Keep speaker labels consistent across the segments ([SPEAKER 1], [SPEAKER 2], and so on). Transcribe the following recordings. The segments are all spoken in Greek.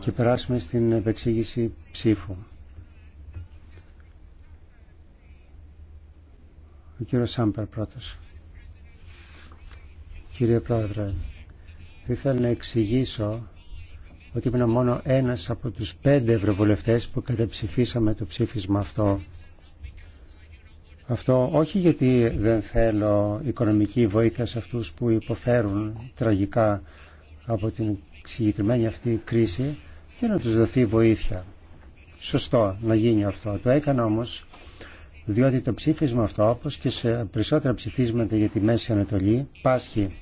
[SPEAKER 1] Και περάσουμε στην επεξήγηση ψήφου. Ο κύριος Σάμπερ πρώτος. Κύριε Πρόεδρε, θα ήθελα να εξηγήσω ότι ήμουν μόνο ένας από τους πέντε ευρωβουλευτές που κατεψηφίσαμε το ψήφισμα αυτό. Αυτό όχι γιατί δεν θέλω οικονομική βοήθεια σε αυτούς που υποφέρουν τραγικά από την συγκεκριμένη αυτή κρίση και να τους δοθεί βοήθεια. Σωστό να γίνει αυτό. Το έκανα όμως διότι το ψήφισμα αυτό όπως και σε περισσότερα ψηφίσματα για τη Μέση Ανατολή πάσχει.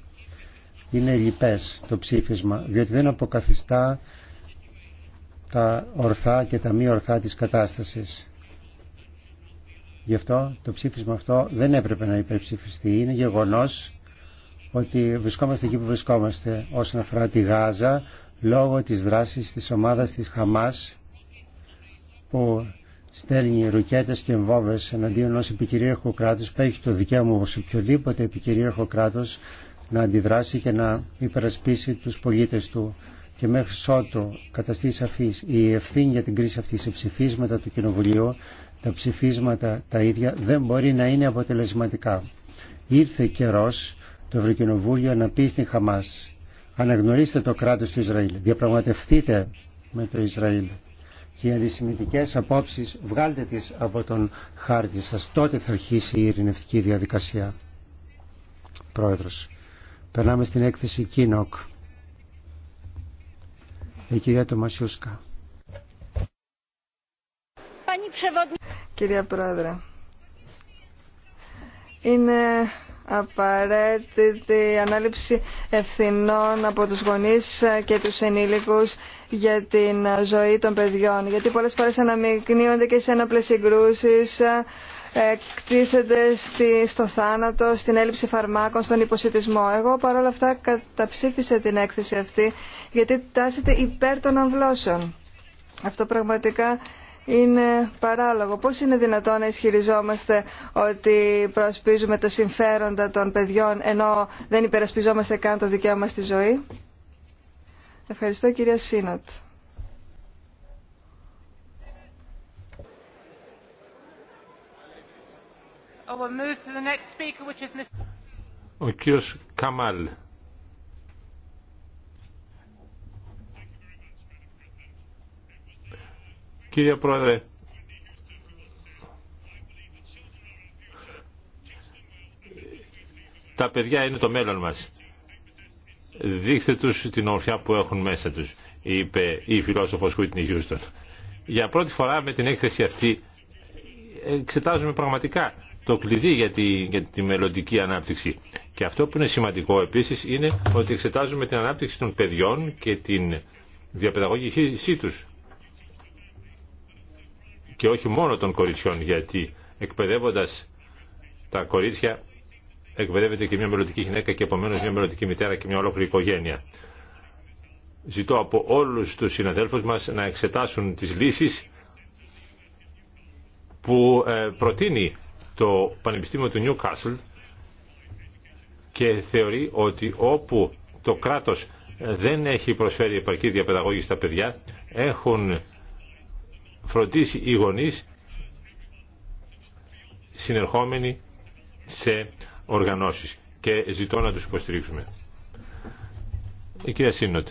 [SPEAKER 1] Είναι λοιπές το ψήφισμα διότι δεν αποκαθιστά τα ορθά και τα μη ορθά της κατάστασης. Γι' αυτό το ψήφισμα αυτό δεν έπρεπε να υπερψηφιστεί. Είναι γεγονός ότι βρισκόμαστε εκεί που βρισκόμαστε όσον αφορά τη Γάζα λόγω της δράσης της ομάδας της Χαμάς που στέλνει ρουκέτες και εμβόβε εναντίον ως επικυρίαρχου κράτους που έχει το δικαίωμα ως οποιοδήποτε επικυρίαρχο κράτος να αντιδράσει και να υπερασπίσει τους πολίτες του και μέχρι ότου καταστεί σαφής η ευθύνη για την κρίση αυτή σε ψηφίσματα του Κοινοβουλίου τα ψηφίσματα τα ίδια δεν μπορεί να είναι αποτελεσματικά. Ήρθε καιρός το Ευρωκοινοβούλιο να πει στην Χαμάς αναγνωρίστε το κράτος του Ισραήλ, διαπραγματευτείτε με το Ισραήλ και οι αντισημιτικές απόψεις βγάλτε τις από τον χάρτη σας. Τότε θα αρχίσει η ειρηνευτική διαδικασία. Πρόεδρος. Περνάμε στην έκθεση Κίνοκ. Η κυρία Τομασιούσκα.
[SPEAKER 2] Κυρία Πρόεδρε, είναι απαραίτητη η ανάληψη ευθυνών από τους γονείς και τους ενήλικους για την ζωή των παιδιών. Γιατί πολλές φορές αναμειγνύονται και σε έναπλες συγκρούσεις, εκτίθεται στη, στο θάνατο, στην έλλειψη φαρμάκων, στον υποσυτισμό. Εγώ παρόλα αυτά καταψήφισα την έκθεση αυτή γιατί τάσεται υπέρ των αμβλώσεων. Αυτό πραγματικά είναι παράλογο. Πώς είναι δυνατόν να ισχυριζόμαστε ότι προσπίζουμε τα συμφέροντα των παιδιών ενώ δεν υπερασπιζόμαστε καν το δικαίωμα στη ζωή. Ευχαριστώ κυρία Σίνοτ. Oh,
[SPEAKER 3] Ο κύριος Καμάλ. Κύριε Πρόεδρε, τα παιδιά είναι το μέλλον μας. Δείξτε τους την ομορφιά που έχουν μέσα τους, είπε η φιλόσοφος Χούιτνη Χιούστον. Για πρώτη φορά με την έκθεση αυτή εξετάζουμε πραγματικά το κλειδί για τη, για μελλοντική ανάπτυξη. Και αυτό που είναι σημαντικό επίσης είναι ότι εξετάζουμε την ανάπτυξη των παιδιών και την διαπαιδαγωγησή τους και όχι μόνο των κοριτσιών γιατί εκπαιδεύοντας τα κορίτσια εκπαιδεύεται και μια μελλοντική γυναίκα και επομένω μια μελλοντική μητέρα και μια ολόκληρη οικογένεια. Ζητώ από όλους τους συναδέλφους μας να εξετάσουν τις λύσεις που ε, προτείνει το Πανεπιστήμιο του Newcastle και θεωρεί ότι όπου το κράτος δεν έχει προσφέρει επαρκή διαπαιδαγώγηση στα παιδιά έχουν φροντίσει οι γονείς συνερχόμενοι σε οργανώσεις και ζητώ να τους υποστηρίξουμε. Η κυρία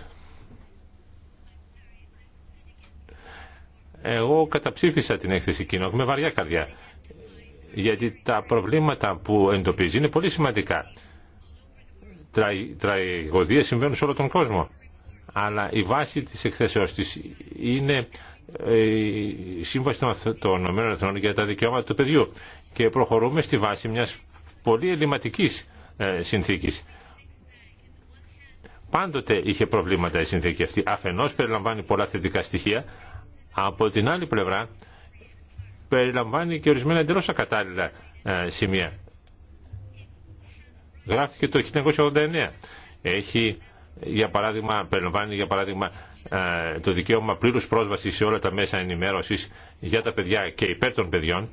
[SPEAKER 3] Εγώ καταψήφισα την έκθεση εκείνο με βαριά καρδιά γιατί τα προβλήματα που εντοπίζει είναι πολύ σημαντικά. Τραγωδίες συμβαίνουν σε όλο τον κόσμο αλλά η βάση της εκθέσεώς της είναι η Σύμβαση των ΗΠΑ για τα Δικαιώματα του Παιδιού και προχωρούμε στη βάση μιας πολύ ελληματικής ε, συνθήκης. Πάντοτε είχε προβλήματα η συνθήκη αυτή. Αφενός περιλαμβάνει πολλά θετικά στοιχεία, από την άλλη πλευρά περιλαμβάνει και ορισμένα εντελώς ακατάλληλα ε, σημεία. Γράφτηκε το 1989. Έχει, για παράδειγμα, περιλαμβάνει για παράδειγμα ε, το δικαίωμα πλήρους πρόσβασης σε όλα τα μέσα ενημέρωσης για τα παιδιά και υπέρ των παιδιών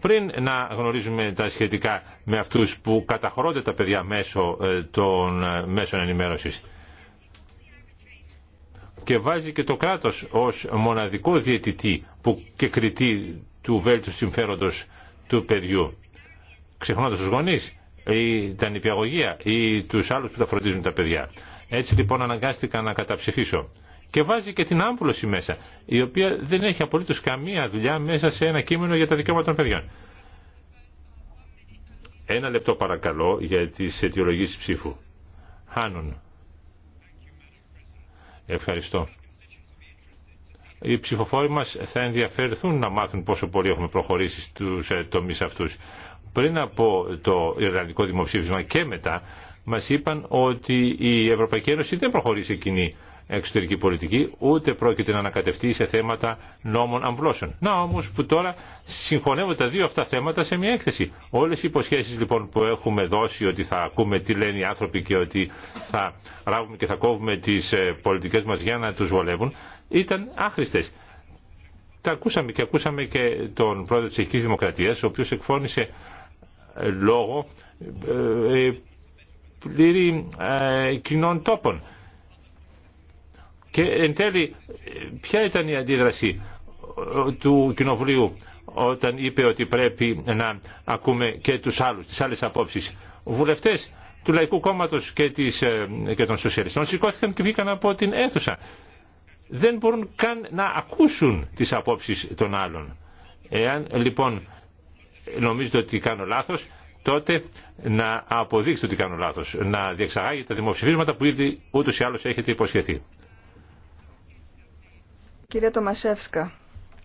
[SPEAKER 3] πριν να γνωρίζουμε τα σχετικά με αυτούς που καταχωρώνται τα παιδιά μέσω ε, των ε, μέσων ενημέρωσης. Και βάζει και το κράτος ως μοναδικό διαιτητή που και κριτή του βέλτου συμφέροντος του παιδιού. Ξεχνώντας τους γονείς ή τα νηπιαγωγεία ή τους άλλους που τα φροντίζουν τα παιδιά. Έτσι λοιπόν αναγκάστηκα να καταψηφίσω. Και βάζει και την άμβλωση μέσα, η οποία δεν έχει απολύτως καμία δουλειά μέσα σε ένα κείμενο για τα δικαιώματα των παιδιών. Ένα λεπτό παρακαλώ για τις αιτιολογήσεις ψήφου. Χάνουν. Ευχαριστώ. Οι ψηφοφόροι μας θα ενδιαφερθούν να μάθουν πόσο πολύ έχουμε προχωρήσει στους ε, τομείς αυτούς. Πριν από το Ιρλανδικό Δημοψήφισμα και μετά μας είπαν ότι η Ευρωπαϊκή Ένωση δεν προχωρεί σε κοινή εξωτερική πολιτική, ούτε πρόκειται να ανακατευτεί σε θέματα νόμων αμβλώσεων. Να όμως που τώρα συγχωνεύονται τα δύο αυτά θέματα σε μια έκθεση. Όλες οι υποσχέσεις λοιπόν που έχουμε δώσει ότι θα ακούμε τι λένε οι άνθρωποι και ότι θα ράβουμε και θα κόβουμε τις ε, πολιτικές μας για να τους βολεύουν, ήταν άχρηστες. Τα ακούσαμε και ακούσαμε και τον πρόεδρο της Ελληνικής Δημοκρατίας, ο οποίο εκφώνησε ε, λόγο ε, πλήρη ε, κοινών τόπων. Και εν τέλει, ποια ήταν η αντίδραση ε, του Κοινοβουλίου όταν είπε ότι πρέπει να ακούμε και τους άλλους, τις άλλες απόψεις. Βουλευτές του Λαϊκού Κόμματος και, της, ε, και των Σοσιαλιστών σηκώθηκαν και βγήκαν από την αίθουσα. Δεν μπορούν καν να ακούσουν τις απόψεις των άλλων. Εάν λοιπόν νομίζετε ότι κάνω λάθος, τότε να αποδείξετε ότι κάνω λάθο, να διεξαγάγετε τα δημοψηφίσματα που ήδη ούτως ή άλλως έχετε
[SPEAKER 2] υποσχεθεί. Κυρία Τομασέφσκα,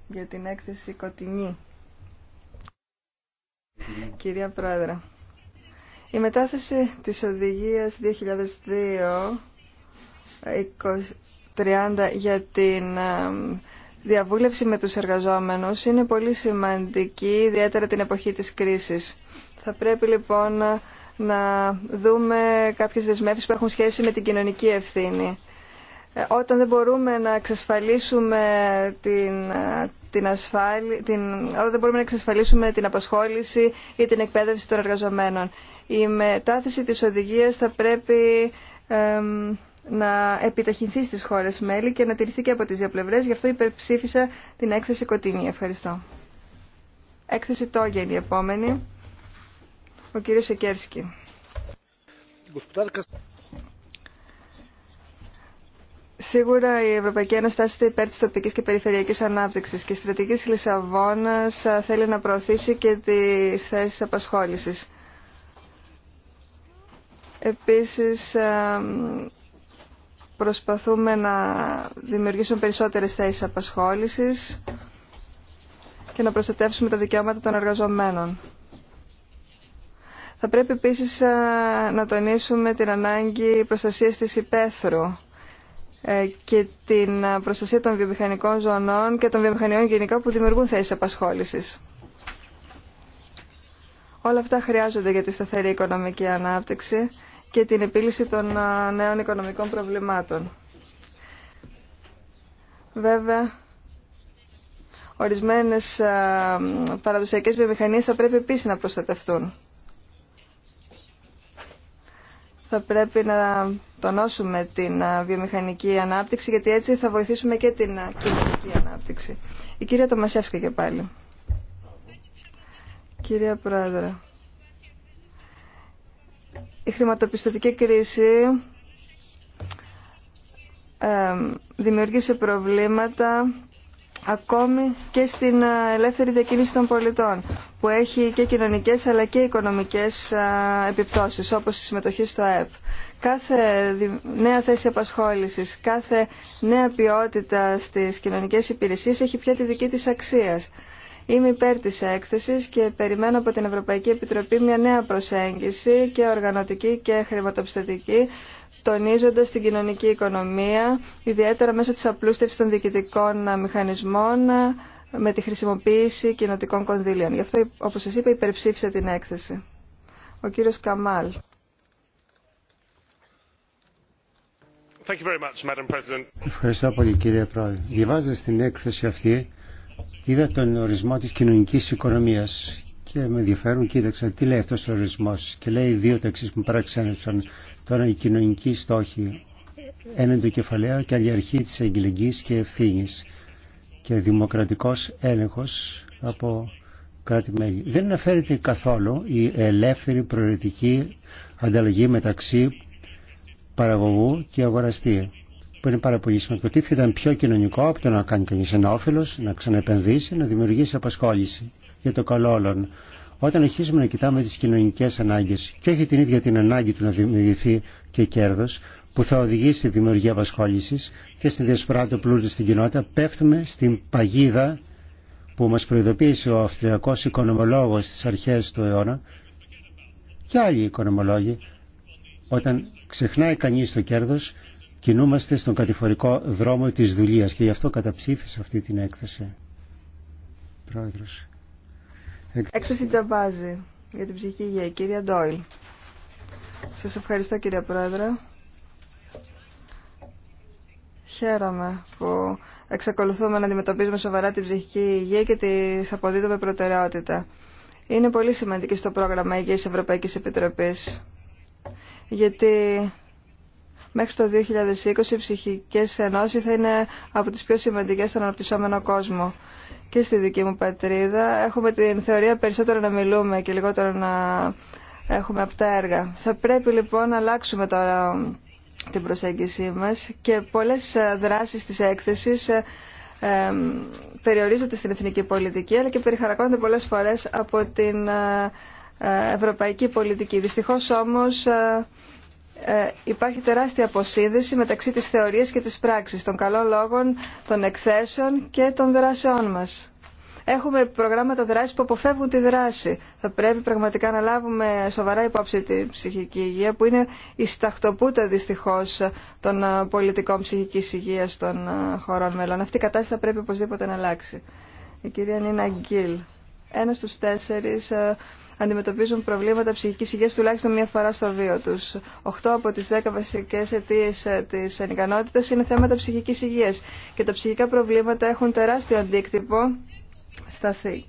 [SPEAKER 2] για την έκθεση Κοτινή. Κυρία Πρόεδρε, η μετάθεση της οδηγίας 2002-2030 για την ε, διαβούλευση με τους εργαζόμενους είναι πολύ σημαντική, ιδιαίτερα την εποχή της κρίσης. Θα πρέπει λοιπόν να δούμε κάποιες δεσμεύσεις που έχουν σχέση με την κοινωνική ευθύνη. Ε, όταν δεν μπορούμε να εξασφαλίσουμε την, ε, την, την, όταν δεν μπορούμε να εξασφαλίσουμε την απασχόληση ή την εκπαίδευση των εργαζομένων. Η μετάθεση της οδηγίας θα πρέπει να επιταχυνθεί στις χώρες μέλη και να τηρηθεί και από τις δύο πλευρές. Γι' αυτό υπερψήφισα την έκθεση Κοτίνη. Ευχαριστώ. Έκθεση Τόγεν η επόμενη. Ο κύριος Σεκέρσκι. Σίγουρα η Ευρωπαϊκή Ένωση τάσσεται υπέρ τη τοπική και περιφερειακή ανάπτυξη και η στρατηγική τη Λισαβόνα ε, θέλει να προωθήσει και τι θέσει απασχόληση. Επίση, ε, προσπαθούμε να δημιουργήσουμε περισσότερες θέσεις απασχόλησης και να προστατεύσουμε τα δικαιώματα των εργαζομένων. Θα πρέπει επίσης να τονίσουμε την ανάγκη προστασίας της υπαίθρου ε, και την προστασία των βιομηχανικών ζωνών και των βιομηχανιών γενικά που δημιουργούν θέσεις απασχόλησης. Όλα αυτά χρειάζονται για τη σταθερή οικονομική ανάπτυξη και την επίλυση των νέων οικονομικών προβλημάτων. Βέβαια, ορισμένες παραδοσιακές βιομηχανίες θα πρέπει επίσης να προστατευτούν θα πρέπει να τονώσουμε την βιομηχανική ανάπτυξη, γιατί έτσι θα βοηθήσουμε και την κοινωνική ανάπτυξη. Η κυρία Τομασέφσκα και πάλι. Κυρία Πρόεδρε, η χρηματοπιστωτική κρίση δημιούργησε προβλήματα ακόμη και στην ε, ελεύθερη διακίνηση των πολιτών που έχει και κοινωνικές αλλά και οικονομικές ε, επιπτώσεις όπως η συμμετοχή στο Ε.Π. Κάθε νέα θέση απασχόλησης, κάθε νέα ποιότητα στις κοινωνικές υπηρεσίες έχει πια τη δική της αξίας. Είμαι υπέρ της έκθεσης και περιμένω από την Ευρωπαϊκή Επιτροπή μια νέα προσέγγιση και οργανωτική και χρηματοπιστωτική τονίζοντας την κοινωνική οικονομία, ιδιαίτερα μέσω της απλούστευσης των διοικητικών μηχανισμών με τη χρησιμοποίηση κοινοτικών κονδύλιων. Γι' αυτό, όπως σας είπα, υπερψήφισε την έκθεση. Ο κύριος Καμάλ.
[SPEAKER 1] Ευχαριστώ πολύ κύριε Πρόεδρε. Διαβάζοντας την έκθεση αυτή είδα τον ορισμό της κοινωνικής οικονομίας και με ενδιαφέρουν κοίταξα τι λέει αυτός ο ορισμός και λέει δύο ταξίς που παραξένευσαν Τώρα οι κοινωνικοί στόχοι έναν του κεφαλαίου και άλλη της εγκληγής και ευθύνης και δημοκρατικός έλεγχος από κράτη-μέλη. Δεν αναφέρεται καθόλου η ελεύθερη προαιρετική ανταλλαγή μεταξύ παραγωγού και αγοραστή που είναι πάρα πολύ σημαντικό. Τι θα ήταν πιο κοινωνικό από το να κάνει κανείς ένα όφελος, να ξαναεπενδύσει, να δημιουργήσει απασχόληση για το καλό όλων. Όταν αρχίζουμε να κοιτάμε τις κοινωνικές ανάγκες και όχι την ίδια την ανάγκη του να δημιουργηθεί και κέρδος που θα οδηγήσει στη δημιουργία απασχόληση και στη διασπορά του πλούτου στην κοινότητα, πέφτουμε στην παγίδα που μας προειδοποίησε ο Αυστριακός οικονομολόγος στις αρχές του αιώνα και άλλοι οικονομολόγοι όταν ξεχνάει κανείς το κέρδος κινούμαστε στον κατηφορικό δρόμο της δουλείας και γι' αυτό καταψήφισα αυτή την έκθεση. Πρόεδρος.
[SPEAKER 2] Έκθεση Τζαμπάζη για την ψυχική υγεία. Κυρία Ντόιλ. Σας ευχαριστώ κύριε Πρόεδρε. Χαίρομαι που εξακολουθούμε να αντιμετωπίζουμε σοβαρά την ψυχική υγεία και τη αποδίδουμε προτεραιότητα. Είναι πολύ σημαντική στο πρόγραμμα Υγεία Ευρωπαϊκή Επιτροπή, Γιατί μέχρι το 2020 οι ψυχικέ ενώσει θα είναι από τι πιο σημαντικέ στον αναπτυσσόμενο κόσμο και στη δική μου πατρίδα έχουμε την θεωρία περισσότερο να μιλούμε και λιγότερο να έχουμε αυτά έργα. Θα πρέπει λοιπόν να αλλάξουμε τώρα την προσέγγιση μας και πολλές ε, δράσεις της έκθεσης ε, ε, περιορίζονται στην εθνική πολιτική αλλά και περιχαρακώνται πολλές φορές από την ευρωπαϊκή πολιτική. Δυστυχώς όμως ε, υπάρχει τεράστια αποσύνδεση μεταξύ της θεωρίας και της πράξης, των καλών λόγων, των εκθέσεων και των δράσεών μας. Έχουμε προγράμματα δράση που αποφεύγουν τη δράση. Θα πρέπει πραγματικά να λάβουμε σοβαρά υπόψη την ψυχική υγεία που είναι η σταχτοπούτα δυστυχώ των πολιτικών ψυχική υγεία των ε, χωρών μελών. Αυτή η κατάσταση θα πρέπει οπωσδήποτε να αλλάξει. Η κυρία Νίνα Γκίλ, ένα στου τέσσερι ε, αντιμετωπίζουν προβλήματα ψυχικής υγείας τουλάχιστον μία φορά στο βίο τους. 8 από τις δέκα βασικές αιτίες ε, της ανικανότητας είναι θέματα ψυχικής υγείας και τα ψυχικά προβλήματα έχουν τεράστιο αντίκτυπο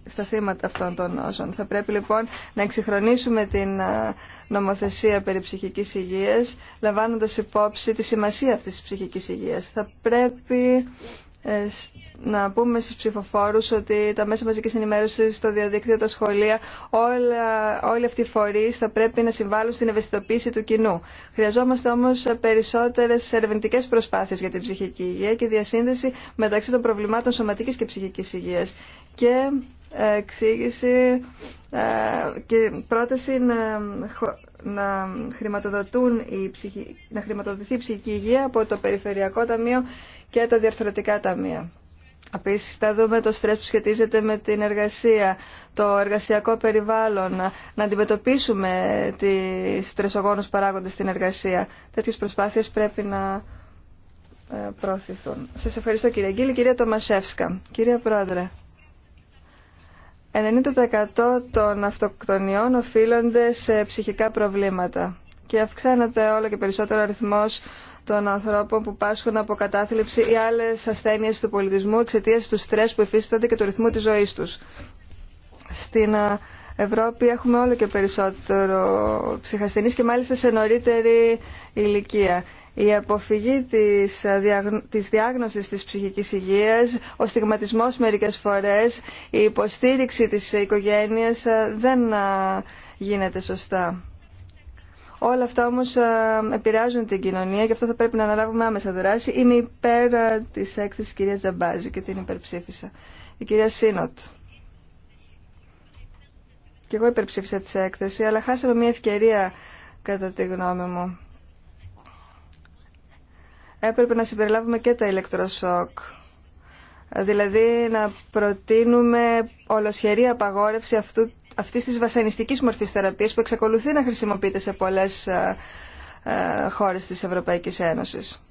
[SPEAKER 2] στα θύματα αυτών των νόσων. Θα πρέπει λοιπόν να εξυγχρονίσουμε την ε, νομοθεσία περί ψυχικής υγείας, λαμβάνοντας υπόψη τη σημασία αυτής της ψυχικής υγείας. Θα πρέπει ε, να πούμε στους ψηφοφόρους ότι τα μέσα μαζικής ενημέρωσης, το διαδίκτυο, τα σχολεία, όλα, όλοι αυτοί οι φορείς θα πρέπει να συμβάλλουν στην ευαισθητοποίηση του κοινού. Χρειαζόμαστε όμως περισσότερες ερευνητικές προσπάθειες για την ψυχική υγεία και διασύνδεση μεταξύ των προβλημάτων σωματικής και ψυχικής υγείας και ε, εξήγηση ε, και πρόταση να να, χρηματοδοτούν η να χρηματοδοτηθεί η ψυχική υγεία από το Περιφερειακό Ταμείο και τα Διαρθρωτικά Ταμεία. Επίση, θα δούμε το στρες που σχετίζεται με την εργασία, το εργασιακό περιβάλλον, να αντιμετωπίσουμε τι στρεσογόνους παράγοντες στην εργασία. Τέτοιες προσπάθειες πρέπει να ε, προωθηθούν. Σα ευχαριστώ κύριε Γκίλη. Κυρία Τομασεύσκα. Κυρία Πρόεδρε. 90% των αυτοκτονιών οφείλονται σε ψυχικά προβλήματα και αυξάνεται όλο και περισσότερο ο αριθμός των ανθρώπων που πάσχουν από κατάθλιψη ή άλλες ασθένειες του πολιτισμού εξαιτίας του στρες που υφίστανται και του ρυθμού της ζωής τους. Στην ε, Ευρώπη έχουμε όλο και περισσότερο ψυχασθενείς και μάλιστα σε νωρίτερη ηλικία η αποφυγή της, της διάγνωσης της ψυχικής υγείας, ο στιγματισμός μερικές φορές, η υποστήριξη της οικογένειας ε, δεν ε, γίνεται σωστά. Όλα αυτά όμως ε, επηρεάζουν την κοινωνία και αυτό θα πρέπει να αναλάβουμε άμεσα δράση. Είμαι υπέρ της έκθεσης κυρία Τζαμπάζη και την υπερψήφισα. Η κυρία Σίνοτ. Και εγώ υπερψήφισα τη έκθεση, αλλά χάσαμε μια ευκαιρία κατά τη γνώμη μου έπρεπε να συμπεριλάβουμε και τα ηλεκτροσόκ. Δηλαδή να προτείνουμε ολοσχερή απαγόρευση αυτού, αυτής της βασανιστικής μορφής θεραπείας που εξακολουθεί να χρησιμοποιείται σε πολλές ε, ε, χώρες της Ευρωπαϊκής Ένωσης.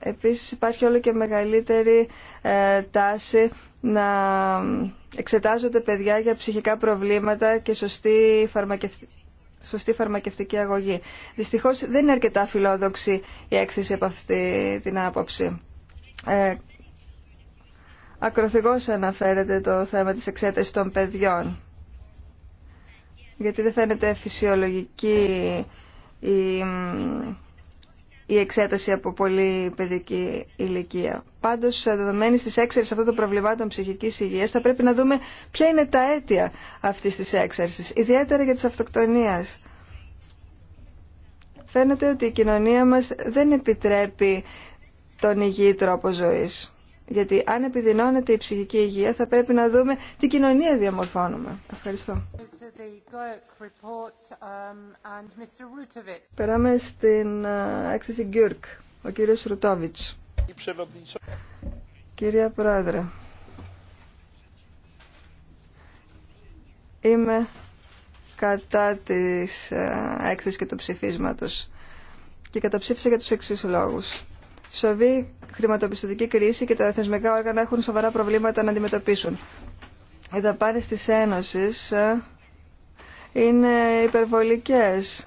[SPEAKER 2] Επίσης υπάρχει όλο και μεγαλύτερη ε, τάση να εξετάζονται παιδιά για ψυχικά προβλήματα και σωστή σωστή φαρμακευτική αγωγή. Δυστυχώς δεν είναι αρκετά φιλόδοξη η έκθεση από αυτή την άποψη. Ε, αναφέρεται το θέμα της εξέτασης των παιδιών. Γιατί δεν φαίνεται φυσιολογική η η εξέταση από πολύ παιδική ηλικία. Πάντως, δεδομένη τις έξαρση αυτών των προβλημάτων ψυχικής υγείας, θα πρέπει να δούμε ποια είναι τα αίτια αυτής της έξαρση, ιδιαίτερα για τη αυτοκτονίας. Φαίνεται ότι η κοινωνία μας δεν επιτρέπει τον υγιή τρόπο ζωής. Γιατί αν επιδεινώνεται η ψυχική υγεία θα πρέπει να δούμε τι κοινωνία διαμορφώνουμε. Ευχαριστώ. Περάμε στην έκθεση Γκιούρκ. Ο κύριος Ρουτόβιτς. Κυρία Πρόεδρε, είμαι κατά της έκθεσης και του ψηφίσματος και καταψήφισα για τους εξής λόγους σοβή χρηματοπιστωτική κρίση και τα θεσμικά όργανα έχουν σοβαρά προβλήματα να αντιμετωπίσουν. Οι δαπάνες της Ένωσης ε, είναι υπερβολικές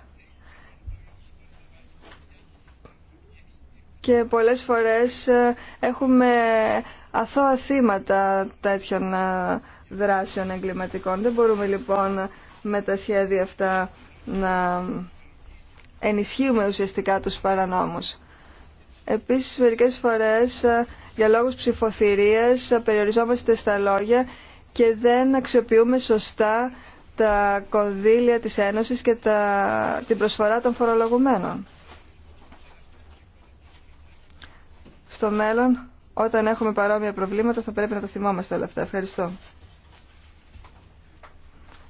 [SPEAKER 2] και πολλές φορές ε, έχουμε αθώα θύματα τέτοιων ε, δράσεων εγκληματικών. Δεν μπορούμε λοιπόν με τα σχέδια αυτά να ενισχύουμε ουσιαστικά τους παρανόμους. Επίσης, μερικές φορές ε, για λόγους ψηφοθυρίας ε, περιοριζόμαστε στα λόγια και δεν αξιοποιούμε σωστά τα κονδύλια της Ένωσης και τα, την προσφορά των φορολογουμένων. Στο μέλλον, όταν έχουμε παρόμοια προβλήματα, θα πρέπει να τα θυμόμαστε όλα αυτά. Ευχαριστώ.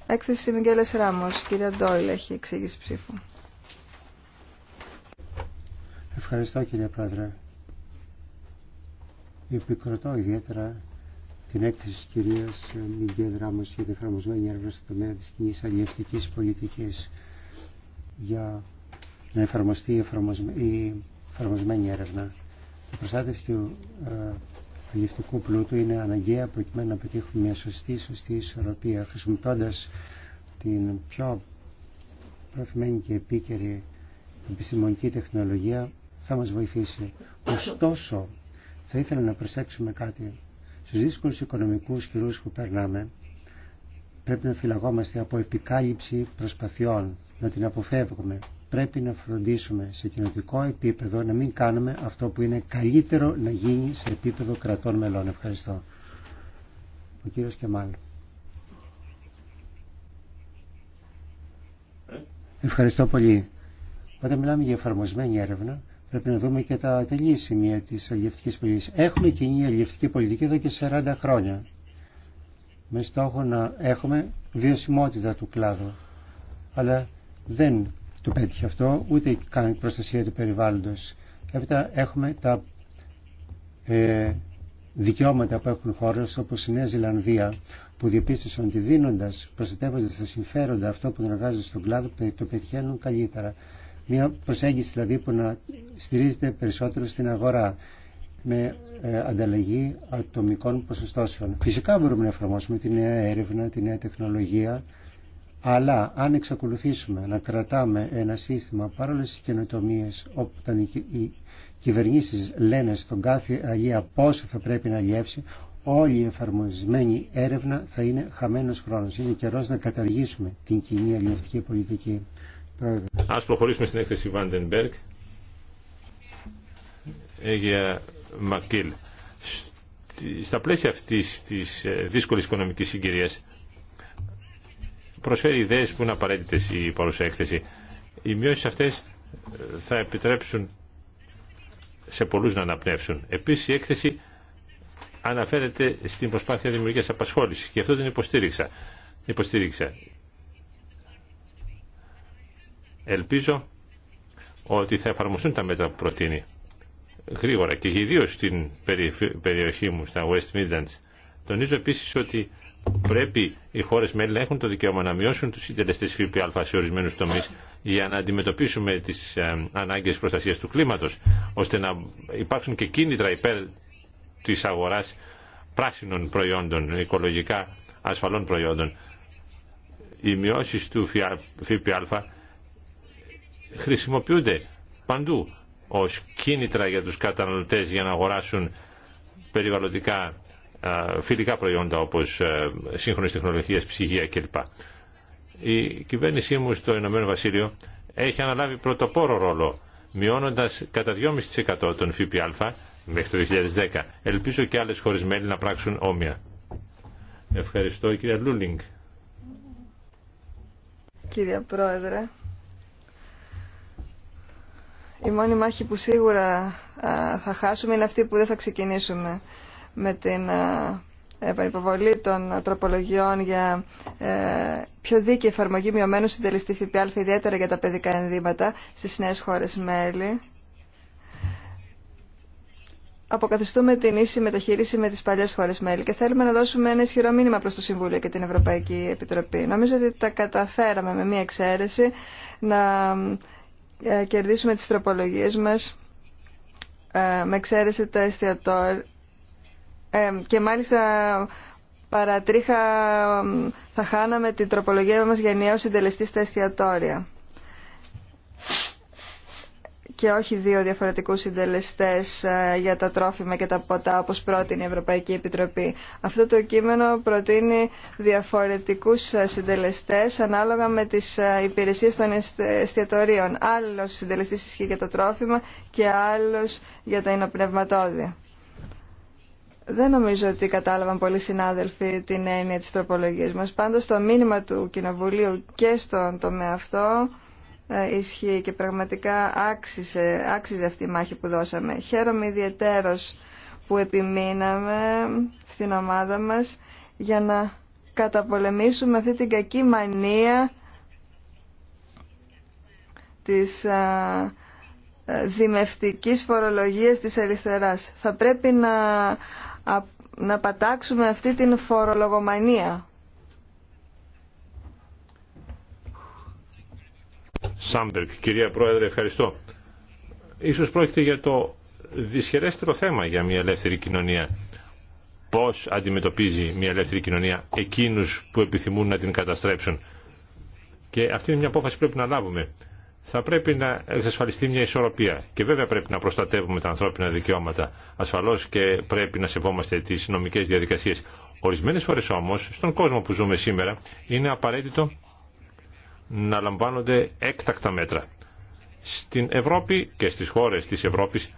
[SPEAKER 2] Έκθεση Ράμος. Κυρία Ντόιλ έχει εξήγηση
[SPEAKER 1] Ευχαριστώ κύριε Πρόεδρε. Επικροτώ ιδιαίτερα την έκθεση της κυρίας Μιγγέ Δράμος για την εφαρμοσμένη έρευνα στο τομέα της κοινής αλληλευτικής πολιτικής για να εφαρμοστεί η εφαρμοσμένη έρευνα. Η προστάτευση του ε, αλληλευτικού πλούτου είναι αναγκαία προκειμένου να πετύχουμε μια σωστή, σωστή ισορροπία χρησιμοποιώντα την πιο προφημένη και επίκαιρη επιστημονική τεχνολογία θα μας βοηθήσει. Ωστόσο, θα ήθελα να προσέξουμε κάτι. Στους δύσκολους οικονομικούς χειρούς που περνάμε, πρέπει να φυλαγόμαστε από επικάλυψη προσπαθειών, να την αποφεύγουμε. Πρέπει να φροντίσουμε σε κοινωτικό επίπεδο να μην κάνουμε αυτό που είναι καλύτερο να γίνει σε επίπεδο κρατών μελών. Ευχαριστώ. Ο κύριος Κεμάλ. Ευχαριστώ πολύ. Όταν μιλάμε για εφαρμοσμένη έρευνα, πρέπει να δούμε και τα ατελή σημεία της αλληλευτικής πολιτικής. Έχουμε κοινή αλληλευτική πολιτική εδώ και 40 χρόνια με στόχο να έχουμε βιωσιμότητα του κλάδου. Αλλά δεν το πέτυχε αυτό, ούτε καν η προστασία του περιβάλλοντος. Έπειτα έχουμε τα ε, δικαιώματα που έχουν χώρε, όπω η Νέα Ζηλανδία που διαπίστωσαν ότι δίνοντα, προστατεύοντα τα συμφέροντα αυτό που εργάζονται στον κλάδο, το πετυχαίνουν καλύτερα. Μια προσέγγιση δηλαδή που να στηρίζεται περισσότερο στην αγορά με ε, ανταλλαγή ατομικών ποσοστώσεων. Φυσικά μπορούμε να εφαρμόσουμε τη νέα έρευνα, τη νέα τεχνολογία, αλλά αν εξακολουθήσουμε να κρατάμε ένα σύστημα παρόλες τις καινοτομίες όπου οι κυβερνήσεις λένε στον κάθε αγία πόσο θα πρέπει να αλλιεύσει, όλη η εφαρμοσμένη έρευνα θα είναι χαμένος χρόνος. Είναι καιρός να καταργήσουμε την κοινή αλλιευτική πολιτική.
[SPEAKER 3] Ας προχωρήσουμε στην έκθεση Βάντενμπεργκ. Έγια Μακκίλ. Στα πλαίσια αυτή της ε, δύσκολης οικονομικής συγκυρία, προσφέρει ιδέες που είναι απαραίτητε η παρούσα έκθεση. Οι μειώσεις αυτές ε, θα επιτρέψουν σε πολλούς να αναπνεύσουν. Επίσης η έκθεση αναφέρεται στην προσπάθεια δημιουργία απασχόλησης και αυτό την υποστήριξα. υποστήριξα. Ελπίζω ότι θα εφαρμοστούν τα μέτρα που προτείνει γρήγορα και ιδίω στην περιοχή μου, στα West Midlands. Τονίζω επίσης ότι πρέπει οι χώρε μέλη να έχουν το δικαίωμα να μειώσουν τους συντελεστέ ΦΠΑ σε ορισμένου τομείς για να αντιμετωπίσουμε τις ε, ανάγκες προστασίας του κλίματος, ώστε να υπάρξουν και κίνητρα υπέρ τη αγορά πράσινων προϊόντων, οικολογικά ασφαλών προϊόντων. Οι μειώσει του ΦΠΑ χρησιμοποιούνται παντού ως κίνητρα για τους καταναλωτές για να αγοράσουν περιβαλλοντικά φιλικά προϊόντα όπως σύγχρονες τεχνολογίες, ψυγεία κλπ. Η κυβέρνησή μου στο Ηνωμένο Βασίλειο έχει αναλάβει πρωτοπόρο ρόλο μειώνοντας κατά 2,5% τον ΦΠΑ μέχρι το 2010. Ελπίζω και άλλες χώρες να πράξουν όμοια. Ευχαριστώ κυρία Λούλινγκ.
[SPEAKER 2] Κύριε Πρόεδρε, η μόνη μάχη που σίγουρα θα χάσουμε είναι αυτή που δεν θα ξεκινήσουμε με την επανυποβολή των τροπολογιών για ε, πιο δίκαιη εφαρμογή μειωμένου συντελεστή ΦΠΑ, ιδιαίτερα για τα παιδικά ενδύματα στις νέες χώρες μέλη. Αποκαθιστούμε την ίση μεταχείριση με τις παλιές χώρες μέλη και θέλουμε να δώσουμε ένα ισχυρό μήνυμα προς το Συμβούλιο και την Ευρωπαϊκή Επιτροπή. Νομίζω ότι τα καταφέραμε με μία εξαίρεση να ε, κερδίσουμε τις τροπολογίες μας ε, με εξαίρεση τα εστιατόρια ε, και μάλιστα παρατρίχα θα χάναμε την τροπολογία μας για νέο συντελεστή στα εστιατόρια και όχι δύο διαφορετικούς συντελεστές ε, για τα τρόφιμα και τα ποτά όπως πρότεινε η Ευρωπαϊκή Επιτροπή. Αυτό το κείμενο προτείνει διαφορετικούς ε, συντελεστές ανάλογα με τις ε, υπηρεσίες των εστιατορίων. Άλλος συντελεστής ισχύει για τα τρόφιμα και άλλος για τα εινοπνευματόδια. Δεν νομίζω ότι κατάλαβαν πολλοί συνάδελφοι την έννοια της τροπολογίας μας. Πάντως το μήνυμα του Κοινοβουλίου και στον τομέα αυτό ε, ισχύει και πραγματικά άξιζε, άξιζε αυτή η μάχη που δώσαμε. Χαίρομαι ιδιαιτέρως που επιμείναμε στην ομάδα μας για να καταπολεμήσουμε αυτή την κακή μανία της ε, ε, δημευτικής φορολογίας της αριστεράς. Θα πρέπει να, να πατάξουμε αυτή την φορολογομανία
[SPEAKER 3] Σάμπερκ. Κυρία Πρόεδρε, ευχαριστώ. Ίσως πρόκειται για το δυσχερέστερο θέμα για μια ελεύθερη κοινωνία. Πώς αντιμετωπίζει μια ελεύθερη κοινωνία εκείνους που επιθυμούν να την καταστρέψουν. Και αυτή είναι μια απόφαση που πρέπει να λάβουμε. Θα πρέπει να εξασφαλιστεί μια ισορροπία και βέβαια πρέπει να προστατεύουμε τα ανθρώπινα δικαιώματα. Ασφαλώ και πρέπει να σεβόμαστε τι νομικέ διαδικασίε. Ορισμένε φορέ όμω, στον κόσμο που ζούμε σήμερα, είναι απαραίτητο να λαμβάνονται έκτακτα μέτρα. Στην Ευρώπη και στις χώρες της Ευρώπης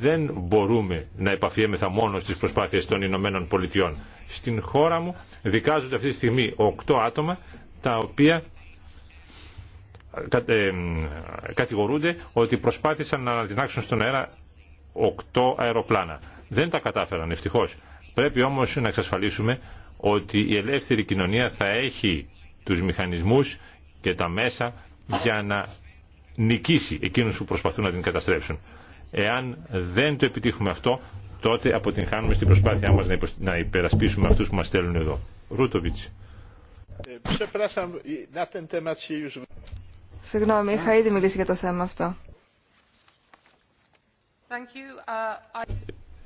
[SPEAKER 3] δεν μπορούμε να επαφιέμεθα μόνο στις προσπάθειες των Ηνωμένων Πολιτειών. Στην χώρα μου δικάζονται αυτή τη στιγμή οκτώ άτομα τα οποία ε, κατηγορούνται ότι προσπάθησαν να αναδυνάξουν στον αέρα οκτώ αεροπλάνα. Δεν τα κατάφεραν ευτυχώς. Πρέπει όμως να εξασφαλίσουμε ότι η ελεύθερη κοινωνία θα έχει τους μηχανισμούς και τα μέσα για να νικήσει εκείνους που προσπαθούν να την καταστρέψουν. Εάν δεν το επιτύχουμε αυτό, τότε αποτυγχάνουμε στην προσπάθειά μας να υπερασπίσουμε αυτούς που μας στέλνουν εδώ. Ρούτοβιτς.
[SPEAKER 2] Συγγνώμη, είχα ήδη μιλήσει για το θέμα αυτό. Ε,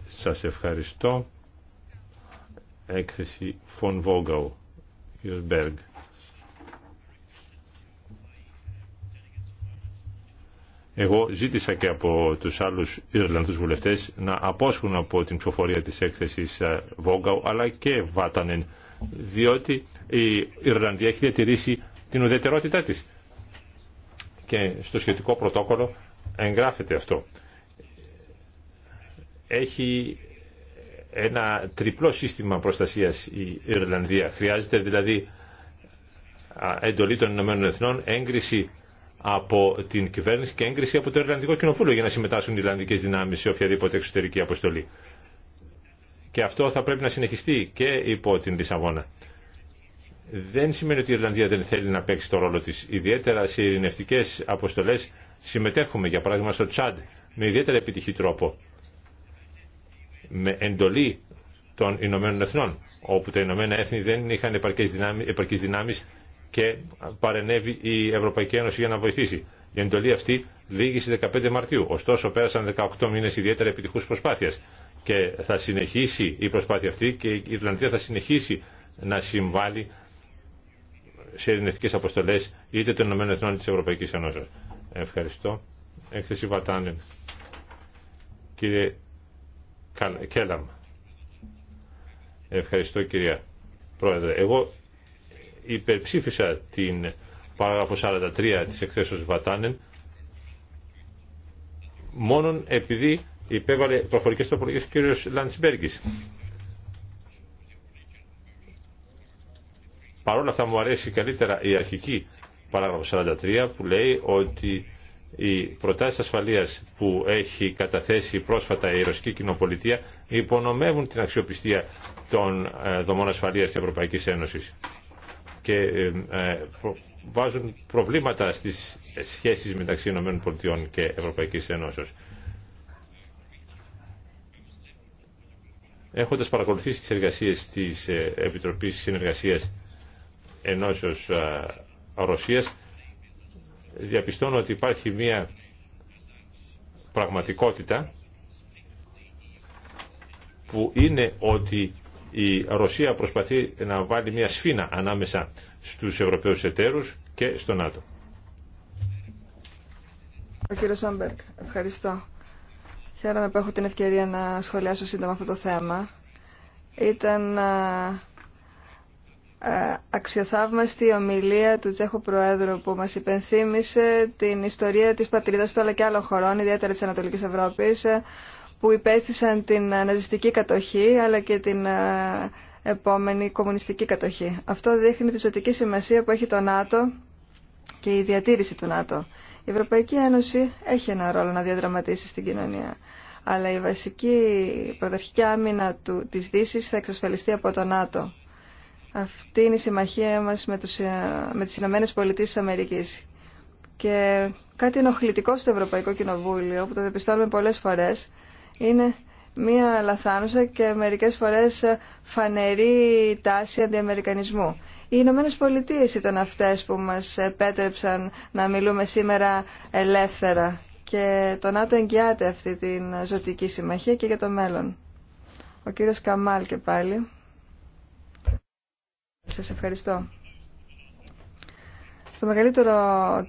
[SPEAKER 3] σας ευχαριστώ. Έκθεση Φων Βόγκαου, κ. Μπέργκ. Εγώ ζήτησα και από τους άλλους Ιρλανδούς βουλευτές να απόσχουν από την ψηφοφορία της έκθεσης ε, Βόγκαου αλλά και Βάτανεν διότι η Ιρλανδία έχει διατηρήσει την ουδετερότητά της και στο σχετικό πρωτόκολλο εγγράφεται αυτό. Έχει ένα τριπλό σύστημα προστασίας η Ιρλανδία. Χρειάζεται δηλαδή εντολή των Ηνωμένων Εθνών, έγκριση από την κυβέρνηση και έγκριση από το Ιρλανδικό Κοινοβούλιο για να συμμετάσχουν οι Ιρλανδικέ δυνάμει σε οποιαδήποτε εξωτερική αποστολή. Και αυτό θα πρέπει να συνεχιστεί και υπό την Λισαβόνα. Δεν σημαίνει ότι η Ιρλανδία δεν θέλει να παίξει το ρόλο τη. Ιδιαίτερα σε ειρηνευτικέ αποστολέ συμμετέχουμε, για παράδειγμα στο Τσάντ, με ιδιαίτερα επιτυχή τρόπο. Με εντολή των Ηνωμένων Εθνών, όπου τα Ηνωμένα Έθνη δεν είχαν επαρκή δυνάμει και παρενέβη η Ευρωπαϊκή Ένωση για να βοηθήσει. Η εντολή αυτή λήγει 15 Μαρτίου. Ωστόσο πέρασαν 18 μήνες ιδιαίτερα επιτυχούς προσπάθειας και θα συνεχίσει η προσπάθεια αυτή και η Ιρλανδία θα συνεχίσει να συμβάλλει σε ειρηνευτικές αποστολές είτε των ΗΕ είτε της Ευρωπαϊκής Ευχαριστώ. Έκθεση Κύριε Κέλαμ. Ευχαριστώ κυρία Πρόεδρε. Εγώ υπερψήφισα την παράγραφο 43 της εκθέσεως Βατάνεν μόνον επειδή υπέβαλε προφορικές τροπολογίες ο κύριος Λαντσμπέργκης. Παρ' όλα αυτά μου αρέσει καλύτερα η αρχική παράγραφο 43 που λέει ότι οι προτάσεις ασφαλείας που έχει καταθέσει πρόσφατα η Ρωσική Κοινοπολιτεία υπονομεύουν την αξιοπιστία των ε, δομών ασφαλείας της Ευρωπαϊκής Ένωσης και ε, ε, βάζουν προβλήματα στις σχέσεις μεταξύ ΗΠΑ και Ευρωπαϊκής Ενώσεως. Έχοντας παρακολουθήσει τις εργασίες της ε, Επιτροπής Συνεργασίας Ενώσεως Ρωσίας, διαπιστώνω ότι υπάρχει μια πραγματικότητα που είναι ότι η Ρωσία προσπαθεί να βάλει μια σφίνα ανάμεσα στους Ευρωπαίους εταίρους και στο ΝΑΤΟ.
[SPEAKER 2] Ο κύριος Σόμπερκ, ευχαριστώ. Χαίρομαι που έχω την ευκαιρία να σχολιάσω σύντομα αυτό το θέμα. Ήταν αξιοθαύμαστη ομιλία του Τσέχου Προέδρου που μας υπενθύμησε την ιστορία της πατρίδας του αλλά και άλλων χωρών, ιδιαίτερα της Ανατολικής Ευρώπης, που υπέστησαν την ναζιστική κατοχή αλλά και την ε, επόμενη κομμουνιστική κατοχή. Αυτό δείχνει τη ζωτική σημασία που έχει το ΝΑΤΟ και η διατήρηση του ΝΑΤΟ. Η Ευρωπαϊκή Ένωση έχει ένα ρόλο να διαδραματίσει στην κοινωνία. Αλλά η βασική πρωταρχική άμυνα του, της Δύσης θα εξασφαλιστεί από το ΝΑΤΟ. Αυτή είναι η συμμαχία μας με, τους, ε, με τις Ηνωμένες Πολιτείες Αμερικής. Και κάτι ενοχλητικό στο Ευρωπαϊκό Κοινοβούλιο, που το διαπιστώνουμε πολλές φορές, είναι μία λαθάνουσα και μερικές φορές φανερή τάση αντιαμερικανισμού. Οι Ηνωμένε Πολιτείε ήταν αυτές που μας επέτρεψαν να μιλούμε σήμερα ελεύθερα και το ΝΑΤΟ εγγυάται αυτή την ζωτική συμμαχία και για το μέλλον. Ο κύριος Καμάλ και πάλι. Σας ευχαριστώ. Στο μεγαλύτερο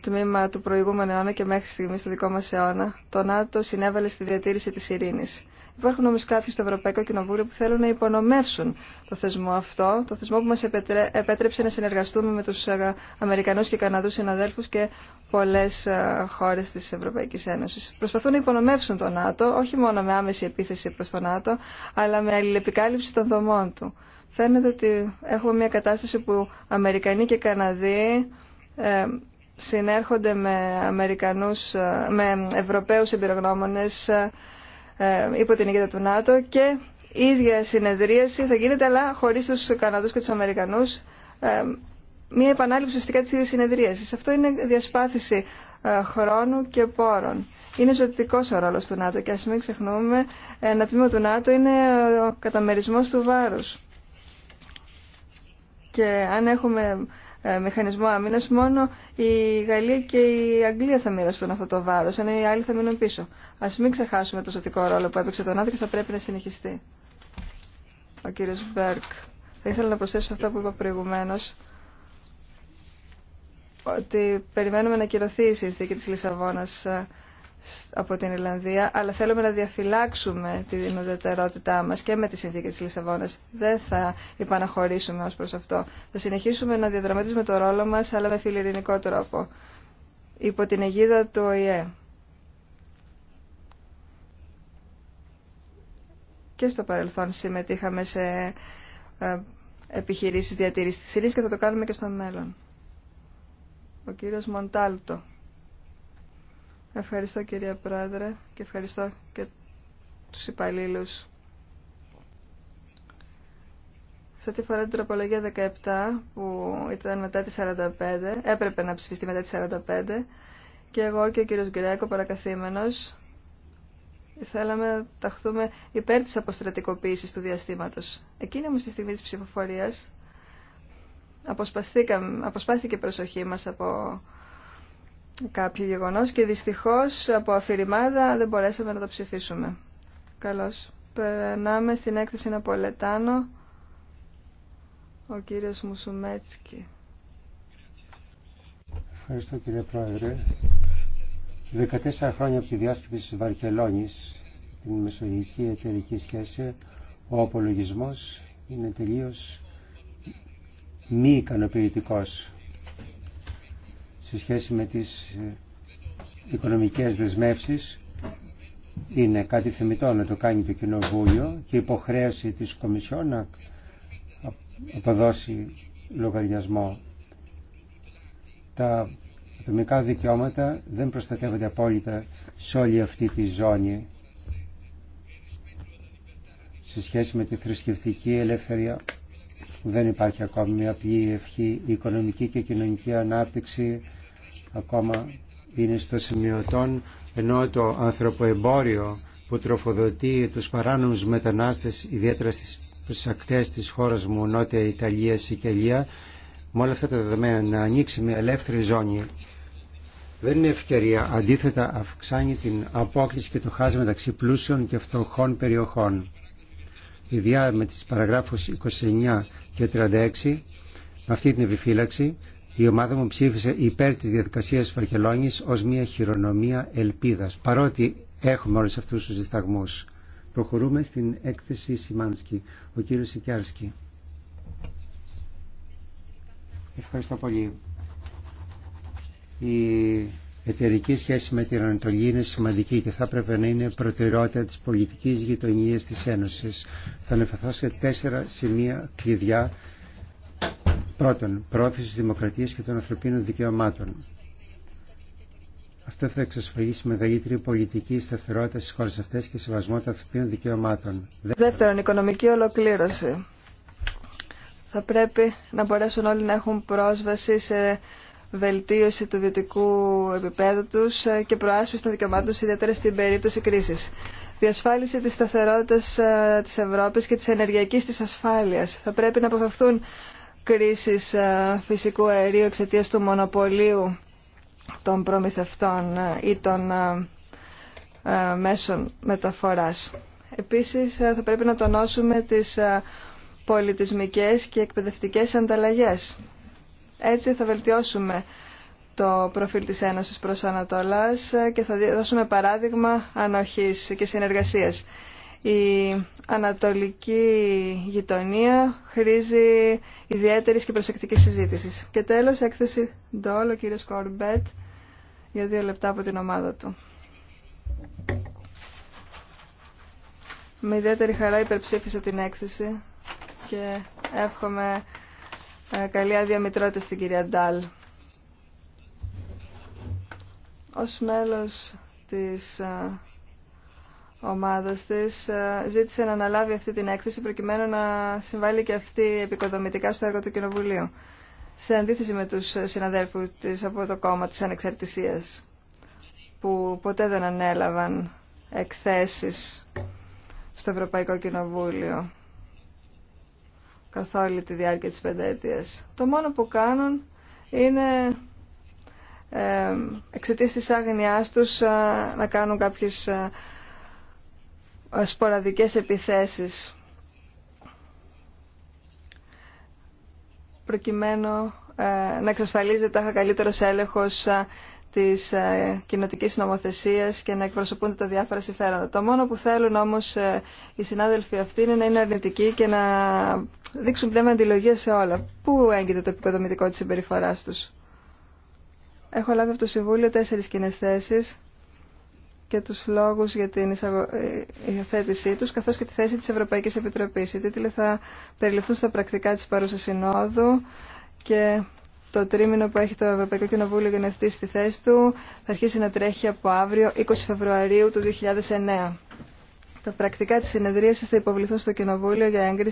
[SPEAKER 2] τμήμα του προηγούμενου αιώνα και μέχρι στιγμή στο δικό μα αιώνα, το ΝΑΤΟ συνέβαλε στη διατήρηση τη ειρήνη. Υπάρχουν όμω κάποιοι στο Ευρωπαϊκό Κοινοβούλιο που θέλουν να υπονομεύσουν το θεσμό αυτό, το θεσμό που μα επέτρεψε να συνεργαστούμε με του ε, Αμερικανού και Καναδού συναδέλφου και πολλέ ε, χώρε τη Ευρωπαϊκή Ένωση. Προσπαθούν να υπονομεύσουν το ΝΑΤΟ, όχι μόνο με άμεση επίθεση προ το ΝΑΤΟ, αλλά με αλληλεπικάλυψη των δομών του. Φαίνεται ότι έχουμε μια κατάσταση που Αμερικανοί και Καναδοί ε, συνέρχονται με, Αμερικανούς, ε, με Ευρωπαίους εμπειρογνώμονες ε, υπό την ηγέτα του ΝΑΤΟ και η ίδια συνεδρίαση θα γίνεται αλλά χωρίς τους Καναδούς και τους Αμερικανούς μια επανάληψη ουσιαστικά της ίδιας συνεδρίασης. Αυτό είναι διασπάθηση χρόνου και πόρων. Είναι ζωτικό ο ρόλο του ΝΑΤΟ και α μην ξεχνούμε, ένα τμήμα του ΝΑΤΟ είναι ο καταμερισμό του βάρου. Και αν έχουμε ε, μηχανισμό άμυνας, μόνο η Γαλλία και η Αγγλία θα μοιραστούν αυτό το βάρος, ενώ οι άλλοι θα μείνουν πίσω. Ας μην ξεχάσουμε το σωτικό ρόλο που έπαιξε το ΝΑΤΟ και θα πρέπει να συνεχιστεί. Ο κύριο Μπέρκ. Θα ήθελα να προσθέσω αυτά που είπα προηγουμένω ότι περιμένουμε να κυρωθεί η συνθήκη της Λισαβόνας ε, από την Ιρλανδία, αλλά θέλουμε να διαφυλάξουμε την ουδετερότητά μας και με τη συνθήκη τη Λισαβόνα. Δεν θα υπαναχωρήσουμε ως προς αυτό. Θα συνεχίσουμε να διαδραματίζουμε το ρόλο μας, αλλά με φιλιρινικό τρόπο, υπό την αιγίδα του ΟΗΕ. Και στο παρελθόν συμμετείχαμε σε ε, επιχειρήσεις διατήρησης της και θα το κάνουμε και στο μέλλον. Ο κύριος Μοντάλτο. Ευχαριστώ κυρία Πρόεδρε και ευχαριστώ και τους υπαλλήλους. Σε ό,τι αφορά την τροπολογία 17 που ήταν μετά τη 45, έπρεπε να ψηφιστεί μετά τη 45 και εγώ και ο κύριος Γκρέκο, παρακαθήμενος θέλαμε να ταχθούμε υπέρ της αποστρατικοποίησης του διαστήματος. Εκείνη όμως τη στιγμή της ψηφοφορίας αποσπάστηκε η προσοχή μας από κάποιο γεγονός και δυστυχώς από αφηρημάδα δεν μπορέσαμε να το ψηφίσουμε. Καλώς. Περνάμε στην έκθεση Ναπολετάνο. Ο κύριος Μουσουμέτσκι.
[SPEAKER 1] Ευχαριστώ κύριε Πρόεδρε. 14 χρόνια από τη διάσκεψη της την μεσογειακή εταιρική σχέση, ο απολογισμός είναι τελείως μη ικανοποιητικός σε σχέση με τις ε, οικονομικές δεσμεύσεις είναι κάτι θεμητό να το κάνει το Κοινοβούλιο και υποχρέωση της Κομισιόν να αποδώσει λογαριασμό. Τα ατομικά δικαιώματα δεν προστατεύονται απόλυτα σε όλη αυτή τη ζώνη σε σχέση με τη θρησκευτική ελευθερία δεν υπάρχει ακόμη μια πλήρη ευχή η οικονομική και κοινωνική ανάπτυξη ακόμα είναι στο σημειωτόν ενώ το ανθρωποεμπόριο που τροφοδοτεί τους παράνομους μετανάστες ιδιαίτερα στις, ακτές της χώρας μου Νότια Ιταλία, Σικελία με όλα αυτά τα δεδομένα να ανοίξει μια ελεύθερη ζώνη δεν είναι ευκαιρία, αντίθετα αυξάνει την απόκληση και το χάσμα μεταξύ πλούσιων και φτωχών περιοχών. Ιδιά με τις παραγράφους 29 και 36 αυτή την επιφύλαξη η ομάδα μου ψήφισε υπέρ της διαδικασίας Βαρκελόνης ως μια χειρονομία ελπίδας, παρότι έχουμε όλους αυτούς τους δισταγμούς. Προχωρούμε στην έκθεση Σιμάνσκι. Ο κύριος Σικιάρσκι. Ευχαριστώ πολύ. Η εταιρική σχέση με την Ανατολή είναι σημαντική και θα έπρεπε να είναι προτεραιότητα της πολιτικής γειτονίας της Ένωσης. Θα αναφερθώ σε τέσσερα σημεία κλειδιά Πρώτον, πρόθεση της δημοκρατίας και των ανθρωπίνων δικαιωμάτων. Αυτό θα εξασφαλίσει μεγαλύτερη πολιτική σταθερότητα στις χώρες αυτές και σεβασμό των ανθρωπίνων δικαιωμάτων.
[SPEAKER 2] Δεύτερον, οικονομική ολοκλήρωση. Θα πρέπει να μπορέσουν όλοι να έχουν πρόσβαση σε βελτίωση του βιωτικού επίπεδου τους και προάσπιση των δικαιωμάτων τους, ιδιαίτερα στην περίπτωση κρίσης. Διασφάλιση της σταθερότητας ε, της Ευρώπης και της ενεργειακής της ασφάλειας. Θα πρέπει να αποφευθούν κρίσης ε, φυσικού αερίου εξαιτία του μονοπωλίου των προμηθευτών ε, ή των ε, μέσων μεταφοράς. Επίσης θα πρέπει να τονώσουμε τις πολιτισμικές και εκπαιδευτικές ανταλλαγές. Έτσι θα βελτιώσουμε το προφίλ της Ένωσης προς Ανατολάς και θα δώσουμε παράδειγμα ανοχής και συνεργασίας η ανατολική γειτονία χρήζει ιδιαίτερης και προσεκτικής συζήτησης. Και τέλος, έκθεση Ντόλ, ο κύριος Κορμπέτ, για δύο λεπτά από την ομάδα του. Με ιδιαίτερη χαρά υπερψήφισα την έκθεση και εύχομαι ε, καλή αδιαμητρότητα στην κυρία Ντάλ. Ως μέλος της ε, Ομάδα της ε, ζήτησε να αναλάβει αυτή την έκθεση προκειμένου να συμβάλλει και αυτή επικοδομητικά στο έργο του Κοινοβουλίου σε αντίθεση με τους συναδέλφους της από το κόμμα της ανεξαρτησία που ποτέ δεν ανέλαβαν εκθέσει στο Ευρωπαϊκό Κοινοβούλιο καθ' όλη τη διάρκεια της πενταετίας. Το μόνο που κάνουν είναι ε, εξαιτία τη της άγνοιάς τους ε, να κάνουν κάποιες σποραδικές επιθέσεις προκειμένου ε, να εξασφαλίζεται τάχα καλύτερος έλεγχος ε, της ε, κοινοτικής νομοθεσίας και να εκπροσωπούνται τα διάφορα συμφέροντα. Το μόνο που θέλουν όμως οι συνάδελφοι αυτοί είναι να είναι αρνητικοί και να δείξουν πλέον αντιλογία σε όλα. Πού έγκυται το επικοδομητικό της συμπεριφορά τους. Έχω λάβει από το Συμβούλιο τέσσερις κοινέ θέσεις και τους λόγους για την ε, υιοθέτησή τους, καθώς και τη θέση της Ευρωπαϊκής Επιτροπής. Οι τίτλοι θα περιληφθούν στα πρακτικά της παρούσας συνόδου και το τρίμηνο που έχει το Ευρωπαϊκό Κοινοβούλιο για να στη θέση του θα αρχίσει να τρέχει από αύριο 20 Φεβρουαρίου του 2009. Τα πρακτικά της συνεδρίασης θα υποβληθούν στο Κοινοβούλιο για έγκριση